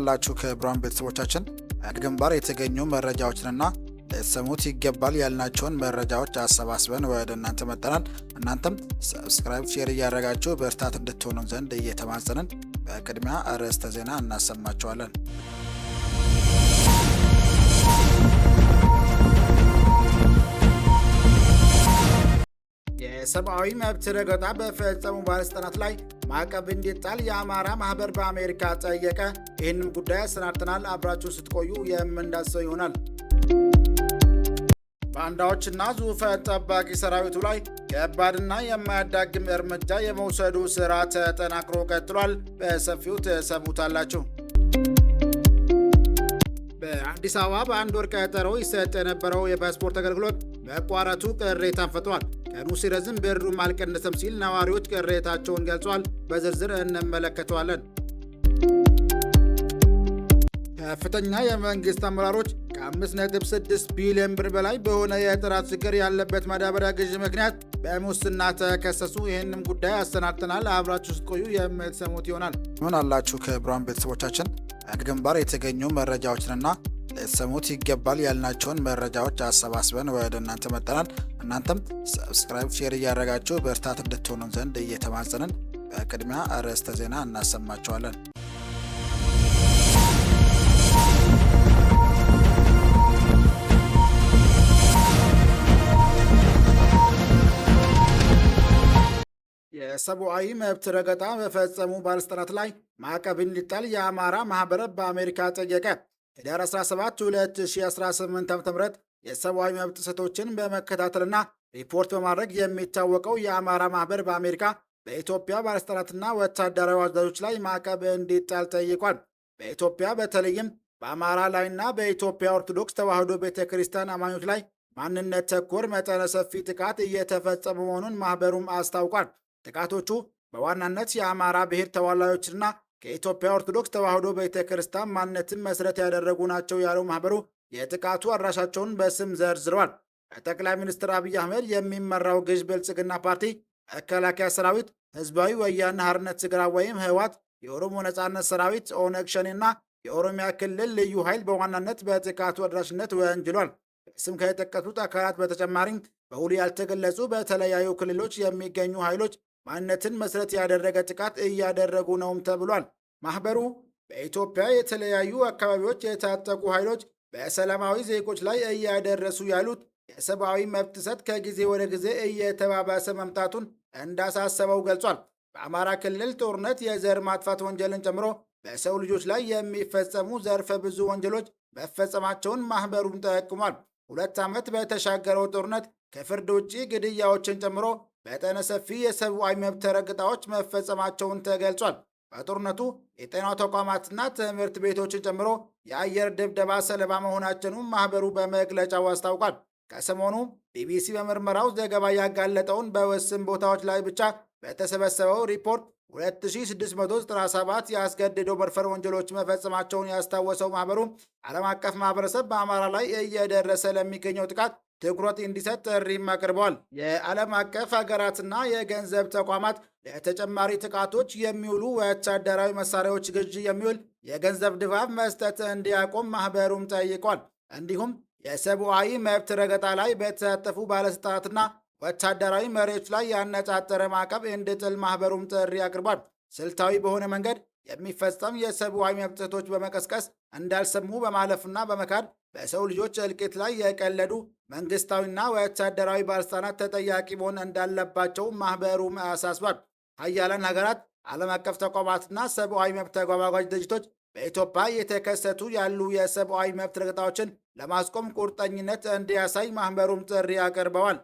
ላላችሁ ከብራን ቤተሰቦቻችን ግንባር የተገኙ መረጃዎችንና ሰሙት ይገባል ያልናቸውን መረጃዎች አሰባስበን ወደ እናንተ መጠናል። እናንተም ሰብስክራይብ፣ ሼር እያደረጋችሁ በእርታት እንድትሆኑን ዘንድ እየተማጸንን በቅድሚያ ርዕስተ ዜና እናሰማቸዋለን። የሰብአዊ መብት ረገጣ በፈጸሙ ባለስልጣናት ላይ ማዕቀብ እንዲጣል የአማራ ማህበር በአሜሪካ ጠየቀ። ይህንም ጉዳይ አሰናድተናል። አብራችሁ ስትቆዩ የምንዳሰው ይሆናል። ባንዳዎችና ዙፈ ጠባቂ ሰራዊቱ ላይ ከባድና የማያዳግም እርምጃ የመውሰዱ ሥራ ተጠናክሮ ቀጥሏል። በሰፊው ትሰሙታላችሁ። በአዲስ አበባ በአንድ ወር ቀጠሮ ይሰጥ የነበረው የፓስፖርት አገልግሎት መቋረጡ ቅሬታን ፈጥሯል። ቀኑ ሲረዝም ብርዱም አልቀነሰም ሲል ነዋሪዎች ቅሬታቸውን ገልጿል። በዝርዝር እንመለከተዋለን። ከፍተኛ የመንግስት አመራሮች ከ5.6 ቢሊዮን ብር በላይ በሆነ የጥራት ችግር ያለበት ማዳበሪያ ግዥ ምክንያት በሙስና ተከሰሱ። ይህንም ጉዳይ አሰናድተናል። አብራችሁ ስትቆዩ የምትሰሙት ይሆናል። ምን አላችሁ? ከብርሃን ቤተሰቦቻችን ግንባር የተገኙ መረጃዎችንና ሰሙት ይገባል ያልናቸውን መረጃዎች አሰባስበን ወደ እናንተ መጠናል። እናንተም ሰብስክራይብ፣ ሼር እያደረጋችሁ በእርታት እንድትሆኑን ዘንድ እየተማጸንን በቅድሚያ ርዕስተ ዜና እናሰማቸዋለን። የሰብአዊ መብት ረገጣ በፈጸሙ ባለስልጣናት ላይ ማዕቀብ እንዲጣል የአማራ ማህበረብ በአሜሪካ ጠየቀ። ህዳር 17 2018 ዓ.ም የሰብአዊ መብት ጥሰቶችን በመከታተልና ሪፖርት በማድረግ የሚታወቀው የአማራ ማህበር በአሜሪካ በኢትዮጵያ ባለሥልጣናትና ወታደራዊ አዛዦች ላይ ማዕቀብ እንዲጣል ጠይቋል። በኢትዮጵያ በተለይም በአማራ ላይና በኢትዮጵያ ኦርቶዶክስ ተዋሕዶ ቤተ ክርስቲያን አማኞች ላይ ማንነት ተኮር መጠነ ሰፊ ጥቃት እየተፈጸመ መሆኑን ማኅበሩም አስታውቋል። ጥቃቶቹ በዋናነት የአማራ ብሔር ተዋላዮችና ከኢትዮጵያ ኦርቶዶክስ ተዋሕዶ ቤተ ክርስቲያን ማንነትን መሠረት ያደረጉ ናቸው ያለው ማህበሩ የጥቃቱ አድራሻቸውን በስም ዘርዝረዋል። በጠቅላይ ሚኒስትር አብይ አህመድ የሚመራው ገዥ ብልጽግና ፓርቲ፣ መከላከያ ሰራዊት፣ ህዝባዊ ወያነ ሓርነት ትግራይ ወይም ህወሓት፣ የኦሮሞ ነጻነት ሰራዊት ኦነግ ሸኔና የኦሮሚያ ክልል ልዩ ኃይል በዋናነት በጥቃቱ አድራሽነት ወንጅሏል። በስም ከየጠቀሱት አካላት በተጨማሪም በውል ያልተገለጹ በተለያዩ ክልሎች የሚገኙ ኃይሎች ማንነትን መሰረት ያደረገ ጥቃት እያደረጉ ነውም ተብሏል። ማህበሩ በኢትዮጵያ የተለያዩ አካባቢዎች የታጠቁ ኃይሎች በሰላማዊ ዜጎች ላይ እያደረሱ ያሉት የሰብአዊ መብት ጥሰት ከጊዜ ወደ ጊዜ እየተባባሰ መምጣቱን እንዳሳሰበው ገልጿል። በአማራ ክልል ጦርነት የዘር ማጥፋት ወንጀልን ጨምሮ በሰው ልጆች ላይ የሚፈጸሙ ዘርፈ ብዙ ወንጀሎች መፈጸማቸውን ማህበሩም ጠቅሟል። ሁለት ዓመት በተሻገረው ጦርነት ከፍርድ ውጭ ግድያዎችን ጨምሮ መጠነ ሰፊ የሰብአዊ መብት ረገጣዎች መፈጸማቸውን ተገልጿል። በጦርነቱ የጤና ተቋማትና ትምህርት ቤቶችን ጨምሮ የአየር ድብደባ ሰለባ መሆናቸውን ማኅበሩ በመግለጫው አስታውቋል። ከሰሞኑ ቢቢሲ በምርመራው ዘገባ ያጋለጠውን በወስን ቦታዎች ላይ ብቻ በተሰበሰበው ሪፖርት 2697 የአስገድዶ መድፈር ወንጀሎች መፈጸማቸውን ያስታወሰው ማኅበሩ ዓለም አቀፍ ማኅበረሰብ በአማራ ላይ እየደረሰ ለሚገኘው ጥቃት ትኩረት እንዲሰጥ ጥሪም አቅርበዋል። የዓለም አቀፍ ሀገራትና የገንዘብ ተቋማት ለተጨማሪ ጥቃቶች የሚውሉ ወታደራዊ መሳሪያዎች ግዢ የሚውል የገንዘብ ድባብ መስጠት እንዲያቆም ማህበሩም ጠይቋል። እንዲሁም የሰብአዊ መብት ረገጣ ላይ በተሳተፉ ባለስልጣናትና ወታደራዊ መሪዎች ላይ ያነጣጠረ ማዕቀብ እንዲጥል ማህበሩም ጥሪ አቅርቧል። ስልታዊ በሆነ መንገድ የሚፈጸም የሰብአዊ መብት ጥሰቶች በመቀስቀስ እንዳልሰሙ በማለፍና በመካድ በሰው ልጆች እልቂት ላይ የቀለዱ መንግስታዊና ወታደራዊ ባለስልጣናት ተጠያቂ መሆን እንዳለባቸው ማኅበሩ አሳስቧል። ሀያላን ሀገራት፣ ዓለም አቀፍ ተቋማትና ሰብአዊ መብት ተጓጓዥ ድርጅቶች በኢትዮጵያ የተከሰቱ ያሉ የሰብአዊ መብት ረገጣዎችን ለማስቆም ቁርጠኝነት እንዲያሳይ ማህበሩም ጥሪ አቅርበዋል።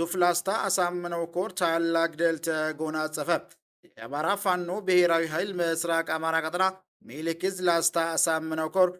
ዙፍላስታ አሳምነው ኮር ታላቅ ድል ተጎናጸፈ። የአማራ ፋኖ ብሔራዊ ኃይል ምስራቅ አማራ ቀጠና ሚልክዝ ላስታ አሳምነው ኮር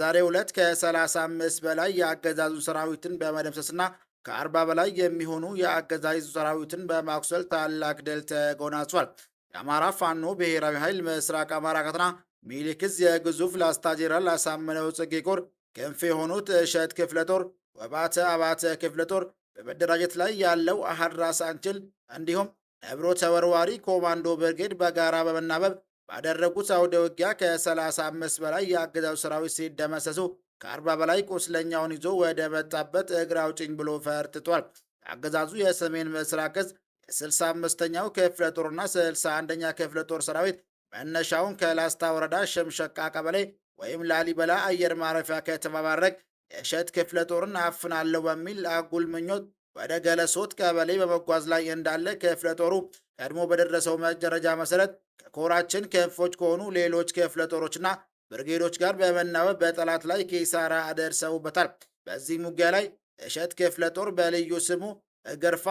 ዛሬ ሁለት ከ35 በላይ የአገዛዙ ሰራዊትን በመደምሰስና ከ40 በላይ የሚሆኑ የአገዛዙ ሰራዊትን በማኩሰል ታላቅ ድል ተጎናጽፏል። የአማራ ፋኖ ብሔራዊ ኃይል ምስራቅ አማራ ቀጠና ሚልክዝ የግዙፍ ላስታ ጄራል አሳምነው ጽጌ ኮር ክንፍ የሆኑት እሸት ክፍለ ጦር፣ ወባተ አባተ ክፍለ ጦር በመደራጀት ላይ ያለው አህድ ራስ አንችል እንዲሁም ነብሮ ተወርዋሪ ኮማንዶ ብርጌድ በጋራ በመናበብ ባደረጉት አውደ ውጊያ ከ35 በላይ የአገዛዙ ሰራዊት ሲደመሰሱ ከአርባ በላይ ቁስለኛውን ይዞ ወደ መጣበት እግር አውጭኝ ብሎ ፈርትቷል። አገዛዙ የሰሜን ምስራቅ ዕዝ የ65ኛው ክፍለ ጦርና 61ኛ ክፍለ ጦር ሰራዊት መነሻውን ከላስታ ወረዳ ሸምሸቃ ቀበሌ ወይም ላሊበላ አየር ማረፊያ ከተማ ማድረግ የእሸት ክፍለ ጦርን አፍናለሁ በሚል አጉል ምኞት ወደ ገለሶት ቀበሌ በመጓዝ ላይ እንዳለ ክፍለ ጦሩ ቀድሞ በደረሰው መረጃ መሰረት ከኮራችን ክንፎች ከሆኑ ሌሎች ክፍለ ጦሮችና ብርጌዶች ጋር በመናበብ በጠላት ላይ ኪሳራ አደርሰውበታል። በዚህም ውጊያ ላይ እሸት ክፍለ ጦር በልዩ ስሙ እገርፋ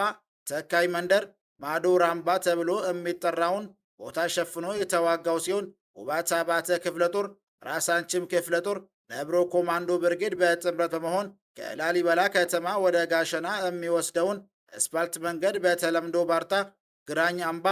ተካይ መንደር ማዶ ራምባ ተብሎ የሚጠራውን ቦታ ሸፍኖ የተዋጋው ሲሆን ውባት አባተ ክፍለ ጦር፣ ራሳንችም ክፍለ ጦር፣ ለብሮ ኮማንዶ ብርጌድ በጥምረት በመሆን ከላሊበላ ከተማ ወደ ጋሸና የሚወስደውን አስፓልት መንገድ በተለምዶ ባርታ፣ ግራኝ አምባ፣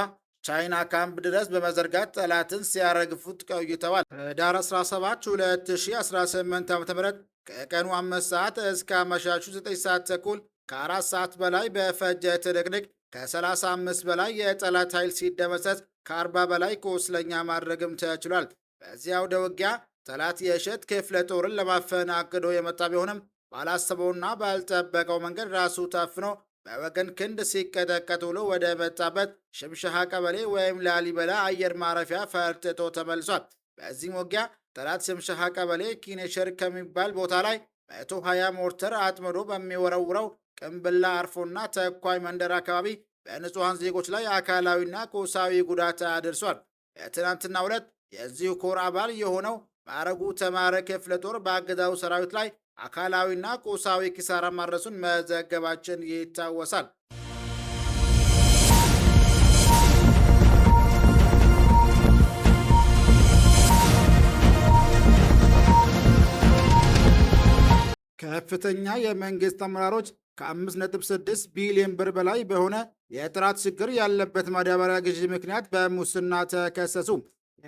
ቻይና ካምፕ ድረስ በመዘርጋት ጠላትን ሲያረግፉት ቆይተዋል። ህዳር 17 2018 ዓ.ም ከቀኑ አምስት ሰዓት እስከ አመሻሹ 9 ሰዓት ተኩል ከአራት ሰዓት በላይ በፈጀ ትንቅንቅ ከ35 በላይ የጠላት ኃይል ሲደመሰስ ከ40 በላይ ቁስለኛ ማድረግም ተችሏል። በዚያው ደውጊያ ጠላት የእሸት ክፍለ ጦርን ለማፈን አቅዶ የመጣ ቢሆንም ባላሰበውና ባልጠበቀው መንገድ ራሱ ታፍኖ በወገን ክንድ ሲቀጠቀጥ ውሎ ወደ መጣበት ሽምሻሃ ቀበሌ ወይም ላሊበላ አየር ማረፊያ ፈርጥጦ ተመልሷል። በዚህም ውጊያ ጠላት ሽምሻሃ ቀበሌ ኪኔሸር ከሚባል ቦታ ላይ መቶ ሀያ ሞርተር አጥምዶ በሚወረውረው ቅንብላ አርፎና ተኳይ መንደር አካባቢ በንጹሐን ዜጎች ላይ አካላዊና ቁሳዊ ጉዳት አድርሷል። በትናንትና ሁለት የዚሁ ኮር አባል የሆነው ማዕረጉ ተማረ ክፍለ ጦር በአገዛዙ ሰራዊት ላይ አካላዊና ቁሳዊ ኪሳራ ማድረሱን መዘገባችን ይታወሳል። ከፍተኛ የመንግስት አመራሮች ከ5.6 ቢሊዮን ብር በላይ በሆነ የጥራት ችግር ያለበት ማዳበሪያ ግዢ ምክንያት በሙስና ተከሰሱ።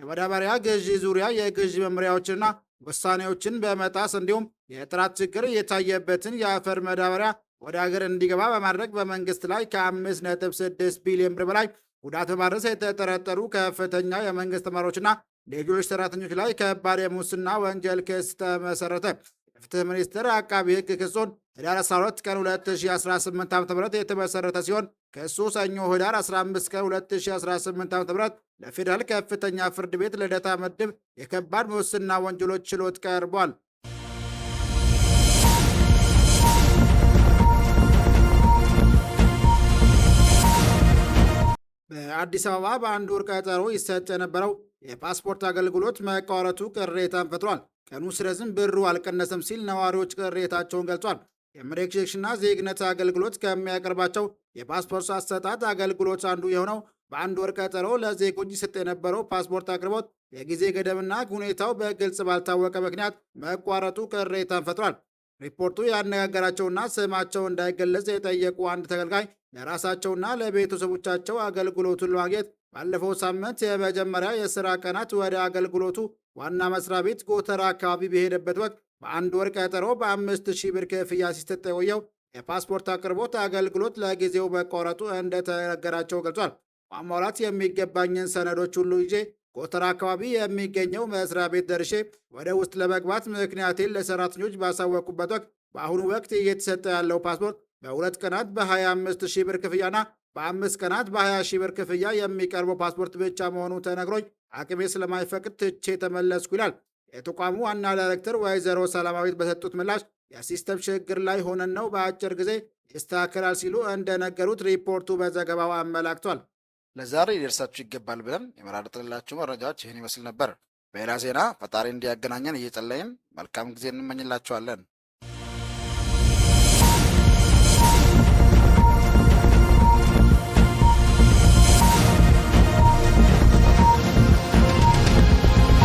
የማዳበሪያ ግዢ ዙሪያ የግዢ መመሪያዎችና ውሳኔዎችን በመጣስ እንዲሁም የጥራት ችግር የታየበትን የአፈር ማዳበሪያ ወደ ሀገር እንዲገባ በማድረግ በመንግስት ላይ ከ5.6 ቢሊዮን ብር በላይ ጉዳት በማድረስ የተጠረጠሩ ከፍተኛ የመንግስት ተማሪዎችና ሌሎች ሰራተኞች ላይ ከባድ የሙስና ወንጀል ክስ ተመሰረተ። የፍትህ ሚኒስትር አቃቢ ህግ ክሱን ህዳር 12 ቀን 2018 ዓ.ም የተመሰረተ ሲሆን ክሱ ሰኞ ህዳር 15 ቀን 2018 .ም ለፌዴራል ከፍተኛ ፍርድ ቤት ልደታ ምድብ የከባድ ሙስና ወንጀሎች ችሎት ቀርቧል። በአዲስ አበባ በአንድ ወር ቀጠሮ ይሰጥ የነበረው የፓስፖርት አገልግሎት መቋረጡ ቅሬታን ፈጥሯል። ቀኑ ሲረዝም ብሩ አልቀነሰም ሲል ነዋሪዎች ቅሬታቸውን ገልጿል። የኢሚግሬሽንና ዜግነት አገልግሎት ከሚያቀርባቸው የፓስፖርት አሰጣጥ አገልግሎት አንዱ የሆነው በአንድ ወር ቀጠሮ ለዜጎች ይሰጥ የነበረው ፓስፖርት አቅርቦት የጊዜ ገደብና ሁኔታው በግልጽ ባልታወቀ ምክንያት መቋረጡ ቅሬታን ፈጥሯል። ሪፖርቱ ያነጋገራቸውና ስማቸው እንዳይገለጽ የጠየቁ አንድ ተገልጋይ ለራሳቸውና ለቤተሰቦቻቸው አገልግሎቱን ለማግኘት ባለፈው ሳምንት የመጀመሪያ የሥራ ቀናት ወደ አገልግሎቱ ዋና መስሪያ ቤት ጎተራ አካባቢ በሄደበት ወቅት በአንድ ወር ቀጠሮ በአምስት ሺህ ብር ክፍያ ሲሰጥ የቆየው የፓስፖርት አቅርቦት አገልግሎት ለጊዜው መቋረጡ እንደተነገራቸው ገልጿል። ማሟላት የሚገባኝን ሰነዶች ሁሉ ይዤ ጎተራ አካባቢ የሚገኘው መስሪያ ቤት ደርሼ ወደ ውስጥ ለመግባት ምክንያቴን ለሰራተኞች ባሳወቁበት ወቅት በአሁኑ ወቅት እየተሰጠ ያለው ፓስፖርት በሁለት ቀናት በ25 ሺህ ብር ክፍያና በአምስት ቀናት በ ሺህ ብር ክፍያ የሚቀርበው ፓስፖርት ብቻ መሆኑ ተነግሮኝ አቅሜ ስለማይፈቅድ ትቼ ተመለስኩ ይላል የተቋሙ ዋና ዳይሬክተር ወይዘሮ ሰላማዊት በሰጡት ምላሽ የሲስተም ችግር ላይ ሆነን ነው በአጭር ጊዜ ይስተካከላል ሲሉ እንደነገሩት ሪፖርቱ በዘገባው አመላክቷል። ለዛሬ ሊደርሳችሁ ይገባል ብለን የመራረጥንላችሁ መረጃዎች ይህን ይመስል ነበር። በሌላ ዜና ፈጣሪ እንዲያገናኘን እየጸለይም መልካም ጊዜ እንመኝላችኋለን።